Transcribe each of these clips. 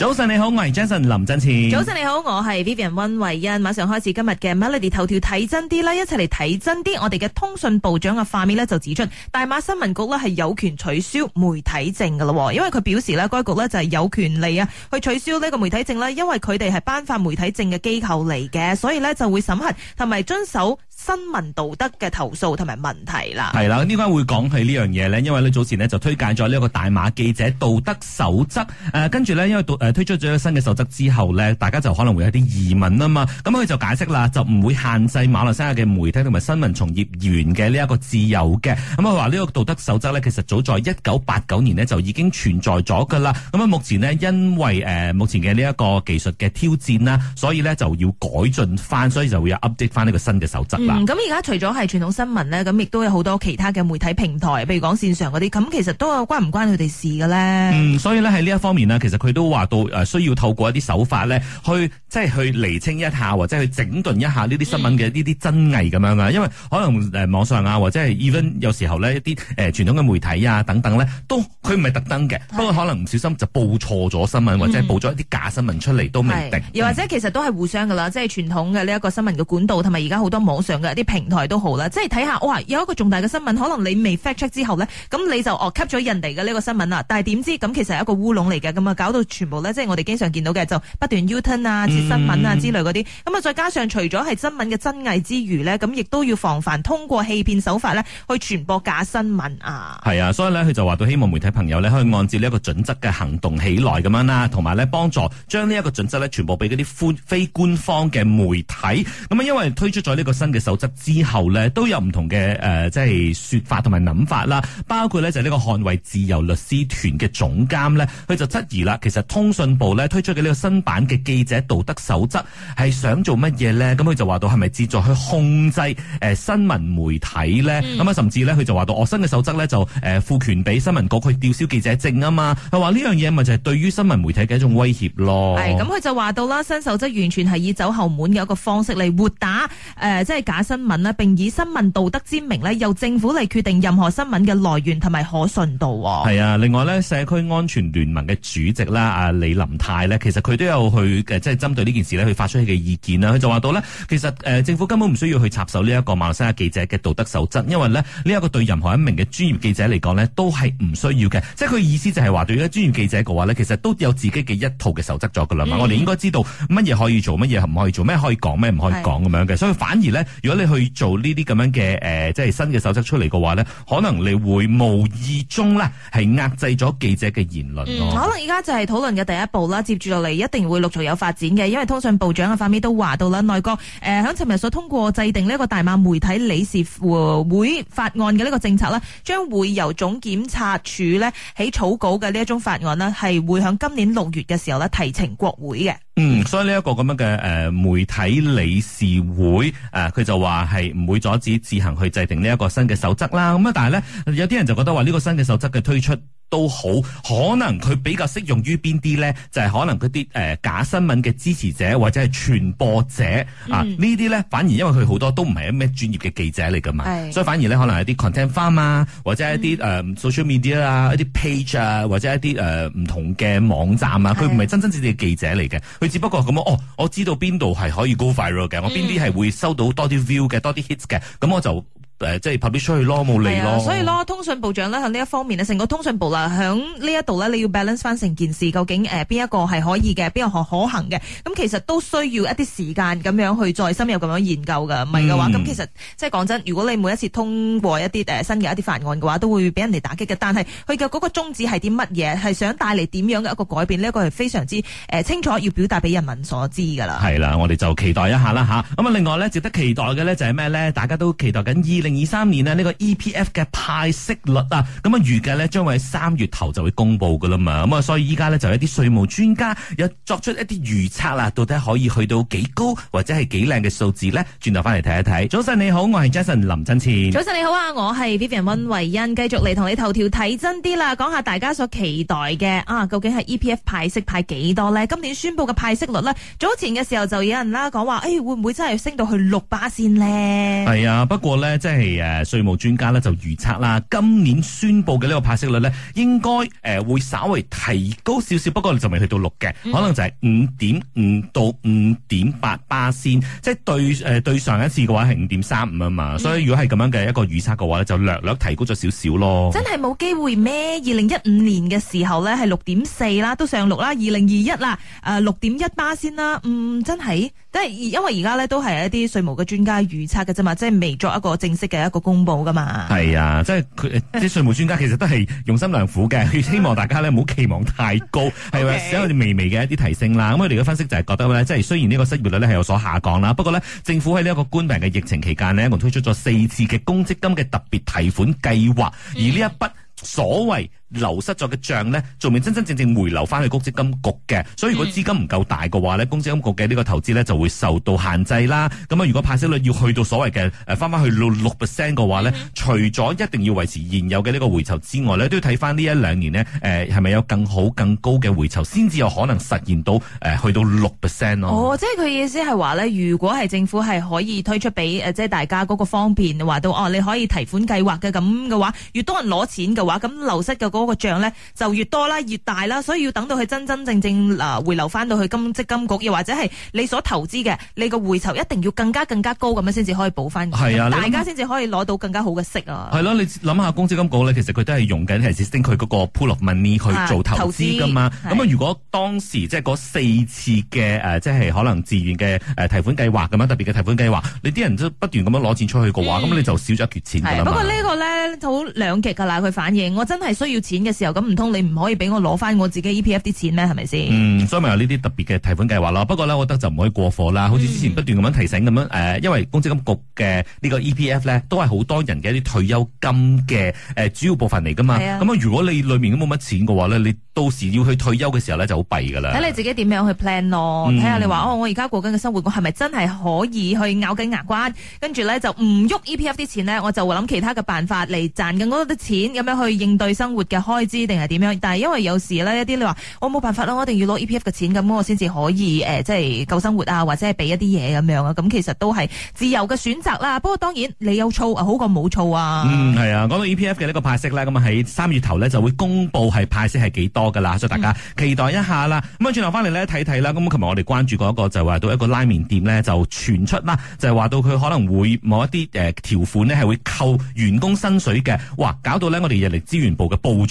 早晨你好，我係 Jason 林振前。早晨你好，我係 Vivian 溫慧欣。馬上開始今日嘅 Melody 頭條睇真啲啦，一齊嚟睇真啲。我哋嘅通訊部長嘅畫面呢就指出，大馬新聞局呢係有權取消媒體證噶咯，因為佢表示呢該局呢就係有權利啊去取消呢個媒體證啦，因為佢哋係頒發媒體證嘅機構嚟嘅，所以呢就會審核同埋遵守。新聞道德嘅投訴同埋問題啦，係啦，點解會講起呢樣嘢呢，因為咧早前呢就推介咗呢一個大馬記者道德守則，誒跟住呢，因為、呃、推出咗新嘅守則之後呢，大家就可能會有啲疑問啊嘛，咁、嗯、佢就解釋啦，就唔會限制馬來西亞嘅媒體同埋新聞從業員嘅呢一個自由嘅，咁佢話呢個道德守則呢，其實早在一九八九年呢就已經存在咗噶啦，咁、嗯、啊目前呢，因為誒、呃、目前嘅呢一個技術嘅挑戰啦，所以呢就要改進翻，所以就會有 update 翻呢個新嘅守則。嗯咁而家除咗係傳統新聞咧，咁亦都有好多其他嘅媒體平台，譬如講線上嗰啲，咁其實都有關唔關佢哋事嘅咧？嗯，所以咧喺呢一方面咧，其實佢都話到誒需要透過一啲手法咧，去即係去釐清一下，或者去整頓一下呢啲新聞嘅呢啲真偽咁樣啊。嗯、因為可能誒網上啊，或者係 even 有時候咧一啲誒傳統嘅媒體啊等等咧，都佢唔係特登嘅，不過是可能唔小心就報錯咗新聞，或者報咗一啲假新聞出嚟、嗯、都未定。又或者其實都係互相噶啦，嗯、即係傳統嘅呢一個新聞嘅管道，同埋而家好多網上。嘅啲平台都好啦，即係睇下，哇，有一個重大嘅新聞，可能你未 fact check 之後呢，咁你就哦 cut 咗人哋嘅呢個新聞啦。但係點知咁其實係一個烏龍嚟嘅，咁啊搞到全部呢，即係我哋經常見到嘅，就不斷 U-turn 啊，啲新聞啊之類嗰啲。咁啊、嗯，再加上除咗係新聞嘅真偽之餘呢，咁亦都要防範通過欺騙手法呢，去傳播假新聞啊。係啊，所以呢，佢就話到希望媒體朋友呢，可以按照呢一個準則嘅行動起來咁樣啦，同埋呢，幫助將呢一個準則呢全部俾嗰啲非非官方嘅媒體。咁啊，因為推出咗呢個新嘅。守則之後呢，都有唔同嘅誒，即、呃、係、就是、說法同埋諗法啦。包括呢就係呢個捍衛自由律師團嘅總監呢，佢就質疑啦。其實通訊部呢推出嘅呢個新版嘅記者道德守則，係想做乜嘢呢？咁佢就話到係咪旨在去控制誒、呃、新聞媒體呢？咁啊、嗯，甚至呢，佢就話到就，我、呃、新嘅守則呢，就誒賦權俾新聞局去吊銷記者證啊嘛。佢話呢樣嘢咪就係對於新聞媒體嘅一種威脅咯。係咁，佢就話到啦，新守則完全係以走後門嘅一個方式嚟撥打誒，即、呃、係。解、就是。新聞咧，並以新聞道德之名咧，由政府嚟決定任何新聞嘅來源同埋可信度。係啊，另外咧，社區安全聯盟嘅主席啦，阿、啊、李林泰咧，其實佢都有去嘅，即係針對呢件事去佢發出佢嘅意見啦。佢就話到咧，其實、呃、政府根本唔需要去插手呢一個馬來西亞記者嘅道德守則，因為咧呢一、這個對任何一名嘅專業記者嚟講咧，都係唔需要嘅。即係佢意思就係話，對於專業記者嘅話咧，其實都有自己嘅一套嘅守則咗噶啦。我哋應該知道乜嘢可以做，乜嘢唔可以做，咩可以講，咩唔可以講咁樣嘅。的所以反而咧，如果你去做呢啲咁樣嘅誒、呃，即係新嘅守則出嚟嘅話呢，可能你會無意中呢係壓制咗記者嘅言論咯、哦嗯。可能而家就係討論嘅第一步啦，接住落嚟一定會陸續有發展嘅，因為通訊部長嘅塊面都話到啦，內閣誒響尋日所通過制定呢個個大馬媒體理事會法案嘅呢個政策呢將會由總檢察署呢起草稿嘅呢一宗法案呢係會響今年六月嘅時候呢提呈國會嘅。嗯，所以呢一個咁樣嘅誒媒體理事會誒，佢、呃、就話係唔會阻止自行去制定呢一個新嘅守則啦。咁啊，但係咧有啲人就覺得話呢個新嘅守則嘅推出，都好，可能佢比較適用於邊啲咧？就係、是、可能嗰啲誒假新聞嘅支持者或者係傳播者、嗯、啊，呢啲咧反而因為佢好多都唔係咩專業嘅記者嚟噶嘛，的所以反而咧可能係啲 content farm 啊，或者一啲誒、嗯 uh, social media 啊，一啲 page 啊，或者一啲誒唔同嘅網站啊，佢唔係真真正正嘅記者嚟嘅，佢只不過咁哦，我知道邊度係可以 go viral 嘅，嗯、我邊啲係會收到多啲 view 嘅，多啲 hits 嘅，咁我就。誒，即係拍啲出去咯，冇理咯。所以咯，通訊部長咧喺呢一方面咧，成個通訊部啦，響呢一度咧，你要 balance 翻成件事，究竟誒邊、呃、一個係可以嘅，邊個可可行嘅？咁其實都需要一啲時間咁樣去再深入咁樣研究噶，唔係嘅話，咁其實即係講真，如果你每一次通過一啲誒、呃、新嘅一啲法案嘅話，都會俾人哋打擊嘅。但係佢嘅嗰個宗旨係啲乜嘢？係想帶嚟點樣嘅一個改變？呢、這、一個係非常之誒、呃、清楚要表達俾人民所知噶啦。係啦、啊，我哋就期待一下啦吓。咁啊，另外咧，值得期待嘅咧就係咩咧？大家都期待緊二零二三年呢呢、呢個 EPF 嘅派息率啊，咁啊預計呢將會喺三月頭就會公布噶啦嘛，咁啊所以依家呢，就有一啲稅務專家又作出一啲預測啦，到底可以去到幾高或者係幾靚嘅數字呢？轉頭翻嚟睇一睇。早晨你好，我係 Jason 林真前。早晨你好啊，我係 Vivian 溫慧欣，繼續嚟同你頭條睇真啲啦，講下大家所期待嘅啊，究竟係 EPF 派息派幾多呢？今年宣布嘅派息率呢，早前嘅時候就有人啦講話，誒、哎、會唔會真係升到去六巴仙呢？係啊，不過呢，即係。係誒，稅務專家咧就預測啦，今年宣布嘅呢個派息率咧，應該誒、呃、會稍為提高少少，不過你就未去到六嘅，嗯、可能就係五點五到五點八巴仙。即、就、係、是、對誒、呃、對上一次嘅話係五點三五啊嘛，嗯、所以如果係咁樣嘅一個預測嘅話咧，就略略提高咗少少咯。真係冇機會咩？二零一五年嘅時候咧係六點四啦，都上六啦，二零二一啦，誒六點一巴仙啦，嗯，真係。即係，因為而家咧都係一啲稅務嘅專家預測嘅啫嘛，即係未作一個正式嘅一個公布噶嘛。係啊，即係佢啲稅務專家其實都係用心良苦嘅，希望大家咧唔好期望太高，係咪？只係微微嘅一啲提升啦。咁佢哋嘅分析就係覺得咧，即係雖然呢個失業率咧係有所下降啦，不過咧政府喺呢一個冠病嘅疫情期間呢，一共推出咗四次嘅公積金嘅特別提款計劃，而呢一筆所謂。流失咗嘅賬呢，仲未真真正正回流翻去公積金局嘅，所以如果資金唔夠大嘅話呢，嗯、公積金局嘅呢個投資呢，就會受到限制啦。咁啊，如果派息率要去到所謂嘅誒翻翻去六六 percent 嘅話呢，嗯、除咗一定要維持現有嘅呢個回酬之外呢，都要睇翻呢一兩年呢，誒係咪有更好更高嘅回酬，先至有可能實現到誒去到六 percent 咯。哦，即係佢意思係話呢，如果係政府係可以推出俾即係大家嗰個方便，話到哦你可以提款計劃嘅咁嘅話，越多人攞錢嘅話，咁流失嘅嗰個帳咧就越多啦，越大啦，所以要等到佢真真正正啊回流翻到去金積金局，又或者係你所投資嘅你個回酬一定要更加更加高咁樣先至可以補翻，係啊，你大家先至可以攞到更加好嘅息，息啊。係咯，你諗下，公積金局咧，其實佢都係用緊係指佢嗰個 pool of money 呢，佢做投資㗎嘛。啊、投資咁如果當時即係嗰四次嘅即係可能自願嘅提款計劃咁樣特別嘅提款計劃，你啲人都不斷咁樣攞錢出去嘅話，咁、嗯、你就少咗一缺錢，不過呢個呢，好兩極㗎啦，佢反應我真係需要。錢嘅時候咁唔通，你唔可以俾我攞翻我自己 E P F 啲錢咩？係咪先？嗯，所以咪有呢啲特別嘅提款計劃咯。不過咧，我覺得就唔可以過火啦。好似之前不斷咁樣提醒咁樣，誒、嗯，因為公積金局嘅呢個 E P F 咧，都係好多人嘅一啲退休金嘅誒主要部分嚟噶嘛。係咁啊、嗯，如果你裏面都冇乜錢嘅話咧，你到時要去退休嘅時候咧就好弊噶啦。睇你自己點樣去 plan 咯，睇下你話、嗯、哦，我而家過緊嘅生活，我係咪真係可以去咬緊牙關，跟住咧就唔喐 E P F 啲錢咧，我就會諗其他嘅辦法嚟賺更多啲錢，咁樣去應對生活嘅開支定係點樣？但係因為有時咧一啲你話我冇辦法啦，我一定要攞 E P F 嘅錢咁，我先至可以誒、呃，即係夠生活啊，或者係俾一啲嘢，咁樣啊。咁其實都係自由嘅選擇啦。不過當然你有儲，啊，好過冇儲啊。嗯，係啊。講到 E P F 嘅呢個派息咧，咁啊喺三月頭咧就會公布係派息係幾多噶啦，所以大家期待一下啦。咁啊轉頭翻嚟咧睇睇啦。咁啊，琴日我哋關注過一個就話到一個拉麵店咧就傳出啦，就話到佢可能會某一啲誒條款呢係會扣員工薪水嘅。哇！搞到咧我哋人力資源部嘅部。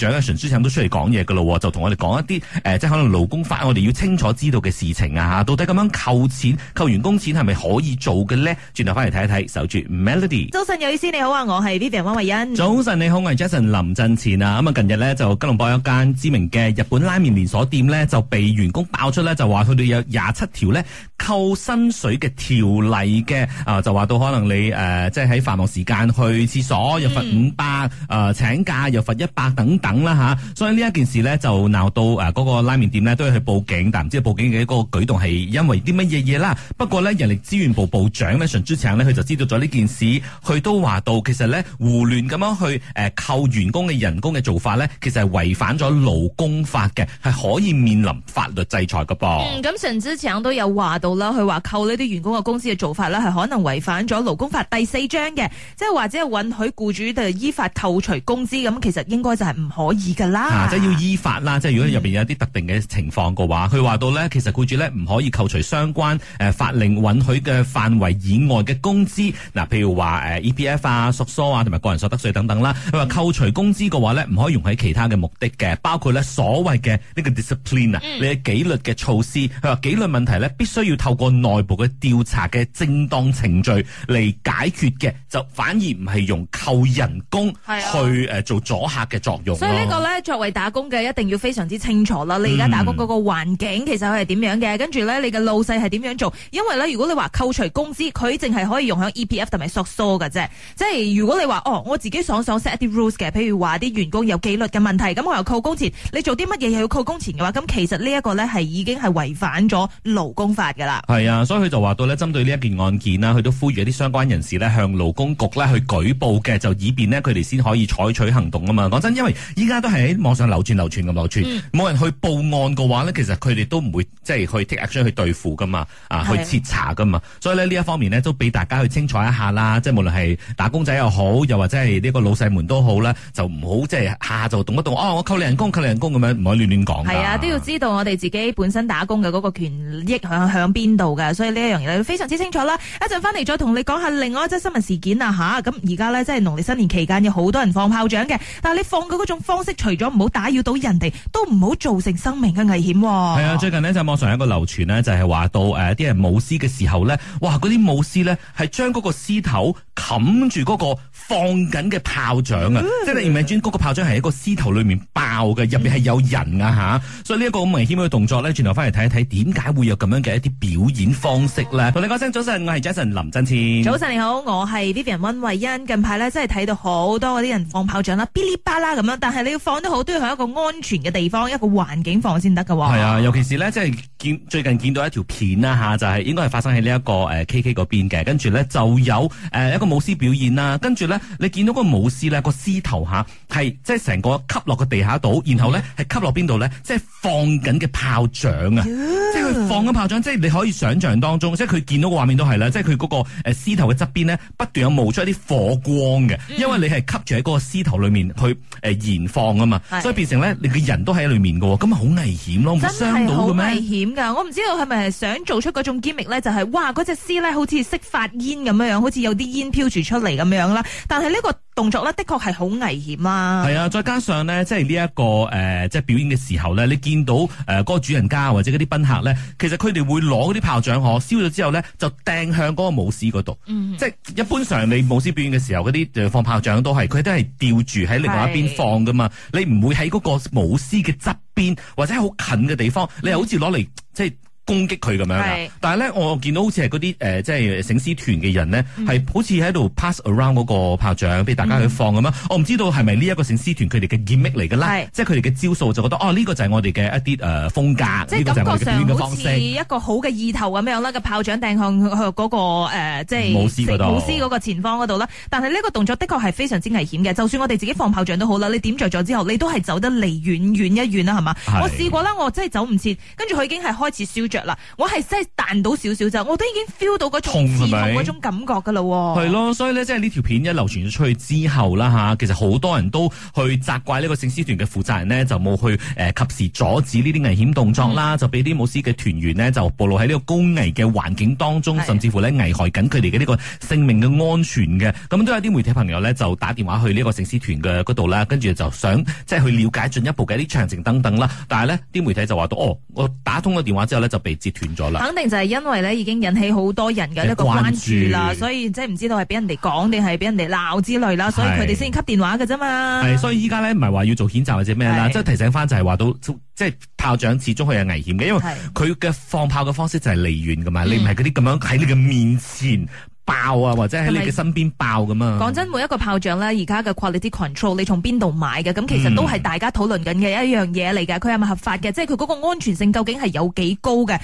蔣純書記都出嚟講嘢噶啦，就同我哋講一啲誒、呃，即係可能勞工法我哋要清楚知道嘅事情啊，吓，到底咁樣扣錢扣員工錢係咪可以做嘅咧？轉頭翻嚟睇一睇，守住 Melody。早晨，有意思，你好啊，我係 Vivian 溫慧欣。早晨，你好，我係 Jason 林振前啊。咁啊，近日呢，就吉隆坡一間知名嘅日本拉麵連鎖店呢，就被員工爆出呢，就話佢哋有廿七條呢扣薪水嘅條例嘅啊、呃，就話到可能你誒、呃，即係喺繁忙時間去廁所又罰五百，誒、呃，請假又罰一百等。等啦嚇，所以呢一件事呢，就鬧到誒嗰個拉麵店呢都要去報警，但唔知道報警嘅一個舉動係因為啲乜嘢嘢啦。不過呢，人力資源部部長呢，陳之祥呢，佢就知道咗呢件事，佢都話到其實呢，胡亂咁樣去誒扣員工嘅人工嘅做法呢，其實係違反咗勞工法嘅，係可以面臨法律制裁嘅噃。咁陳、嗯、之祥都有話到啦，佢話扣呢啲員工嘅工資嘅做法呢，係可能違反咗勞工法第四章嘅，即係或者係允許雇主就依法扣除工資，咁其實應該就係唔可以噶啦，即係、啊就是，要依法啦。即係如果你入邊有一啲特定嘅情況嘅話，佢話、嗯、到咧，其實僱主咧唔可以扣除相關誒、呃、法令允許嘅範圍以外嘅工資。嗱、呃，譬如話誒、呃、EPF 啊、SOCSO 啊，同埋個人所得稅等等啦。佢話、嗯、扣除工資嘅話咧，唔可以用喺其他嘅目的嘅，包括咧所謂嘅呢個 discipline 啊、嗯，你嘅紀律嘅措施。佢話紀律問題咧，必須要透過內部嘅調查嘅正當程序嚟解決嘅，就反而唔係用扣人工去誒做阻嚇嘅作用。嗯所以呢個咧，作為打工嘅，一定要非常之清楚啦。你而家打工嗰個環境其實係點樣嘅？跟住咧，你嘅老細係點樣做？因為咧，如果你話扣除工資，佢淨係可以用喺 E P F 同埋索索嘅啫。即係如果你話哦，我自己爽爽 set 啲 rules 嘅，譬如話啲員工有紀律嘅問題，咁我又扣工錢，你做啲乜嘢又要扣工錢嘅話，咁其實呢一個咧係已經係違反咗勞工法㗎啦。係啊，所以佢就話到呢，針對呢一件案件啦，佢都呼籲一啲相關人士咧向勞工局咧去舉報嘅，就以便佢哋先可以採取行動啊嘛。講真，因為依家都係喺網上流傳流傳咁流傳、嗯，冇人去報案嘅話呢，其實佢哋都唔會即係去 take action 去對付噶嘛，啊，去徹查噶嘛。的所以呢，呢一方面呢，都俾大家去清楚一下啦。即係無論係打工仔又好，又或者係呢個老細們都好啦，就唔好即係下下就動一動。哦，我扣你人工，扣你人工咁樣，唔可以亂亂講。係啊，都要知道我哋自己本身打工嘅嗰個權益響響邊度㗎。所以呢一樣嘢非常之清楚啦。一陣翻嚟再同你講下另外一則新聞事件啊吓，咁而家呢，即係農曆新年期間有好多人放炮仗嘅，但你放嗰種方式除咗唔好打擾到人哋，都唔好造成生命嘅危險。哦。係啊，最近呢，就網上有一個流傳呢，就係、是、話到誒、啲、呃、人舞獅嘅時候呢，哇，嗰啲舞獅呢係將嗰個獅頭冚住嗰個放緊嘅炮仗啊，嗯、即係你明唔明？嗰、嗰個炮仗係一個獅頭裏面爆嘅，入面係有人啊吓，嗯、所以呢一個咁危險嘅動作呢，轉頭翻嚟睇一睇，點解會有咁樣嘅一啲表演方式呢？同、嗯、你講聲早晨，我係 Jason 林振謙。早晨你好，我係 Vivian 溫慧欣。近排呢，真係睇到好多嗰啲人放炮仗啦，嗶哩吧啦咁樣。係你要放得好，都要喺一個安全嘅地方，一個環境放先得噶。係啊，尤其是咧，即係見最近見到一條片啦吓、啊，就係、是、應該係發生喺、這個呃、呢、呃、一個誒 K K 嗰邊嘅。跟住咧就有誒一個舞獅表演啦。跟住咧，你見到個舞獅咧個獅頭吓，係即係成個吸落個地下度，然後咧係、嗯、吸落邊度咧，即係放緊嘅炮仗啊、嗯！即係佢放緊炮仗，即係你可以想象當中，即係佢見到個畫面都係啦，即係佢嗰個誒獅頭嘅側邊咧，不斷有冒出一啲火光嘅，因為你係吸住喺嗰個獅頭裏面去誒、呃放啊嘛，是所以變成咧，你嘅人都喺裏面嘅，咁啊好危險咯，唔傷到嘅咩？危險噶，我唔知道係咪想做出嗰種 gimmick 咧，就係、是、哇，嗰隻絲咧好似識發煙咁樣樣，好似有啲煙飄住出嚟咁樣啦，但係呢、這個。動作咧，的確係好危險啊！係啊，再加上咧，即係呢一個誒、呃，即係表演嘅時候咧，你見到誒嗰、呃那個主人家或者嗰啲賓客咧，其實佢哋會攞嗰啲炮仗我燒咗之後咧，就掟向嗰個舞獅嗰度。嗯，即係一般上你舞獅表演嘅時候，嗰啲放炮仗都係佢都係吊住喺另外一邊放噶嘛。是你唔會喺嗰個舞獅嘅側邊或者好近嘅地方，你又好似攞嚟即係。攻擊佢咁樣是但係咧，我見到好似係嗰啲誒，即係醒獅團嘅人呢，係、嗯、好似喺度 pass around 嗰個炮仗俾大家去放咁啊！嗯、我唔知道係咪呢一個醒獅團佢哋嘅 gimmick 嚟㗎啦，是即係佢哋嘅招數就覺得哦，呢、呢個就係我哋嘅一啲誒風格，即、嗯、個就係我哋表演嘅方式。好似一個好嘅意頭咁樣啦，炮那個炮仗掟向嗰個即係舞獅嗰個前方嗰度啦。但係呢個動作的確係非常之危險嘅，就算我哋自己放炮仗都好啦，你點着咗之後，你都係走得離遠遠一遠啦，係嘛？是我試過啦，我真係走唔切，跟住佢已經係開始燒著。嗱，我係真彈到少少咋，我都已經 feel 到嗰種刺痛嗰種感覺噶啦，係咯，所以呢，即係呢條片一流傳咗出去之後啦，嚇，其實好多人都去責怪呢個醒獅團嘅負責人呢，就冇去誒及時阻止呢啲危險動作啦，嗯、就俾啲舞獅嘅團員呢，就暴露喺呢個高危嘅環境當中，甚至乎危害緊佢哋嘅呢個性命嘅安全嘅。咁都有啲媒體朋友呢，就打電話去呢個醒獅團嘅嗰度啦，跟住就想即係去了解進一步嘅啲詳情等等啦。但係呢啲媒體就話到，哦，我打通咗電話之後呢。」就截斷咗啦，肯定就係因為咧已經引起好多人嘅一個關注啦，所以即係唔知道係俾人哋講定係俾人哋鬧之類啦，所以佢哋先吸電話㗎啫嘛。係，所以依家咧唔係話要做譴責或者咩啦，即係是提醒翻就係話到即係炮仗始終係有危險嘅，因為佢嘅放炮嘅方式就係離遠噶嘛，是你唔係嗰啲咁樣喺你嘅面前。嗯爆啊，或者喺你嘅身邊爆咁啊！講真，每一個炮仗咧，而家嘅 quality control，你從邊度買嘅？咁其實都係大家討論緊嘅一樣嘢嚟嘅。佢係咪合法嘅？即係佢嗰個安全性究竟係有幾高嘅？呢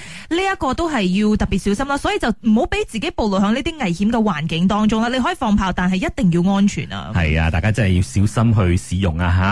一個都係要特別小心啦。所以就唔好俾自己暴露喺呢啲危險嘅環境當中啦。你可以放炮，但係一定要安全啊！係啊，大家真係要小心去使用啊！吓。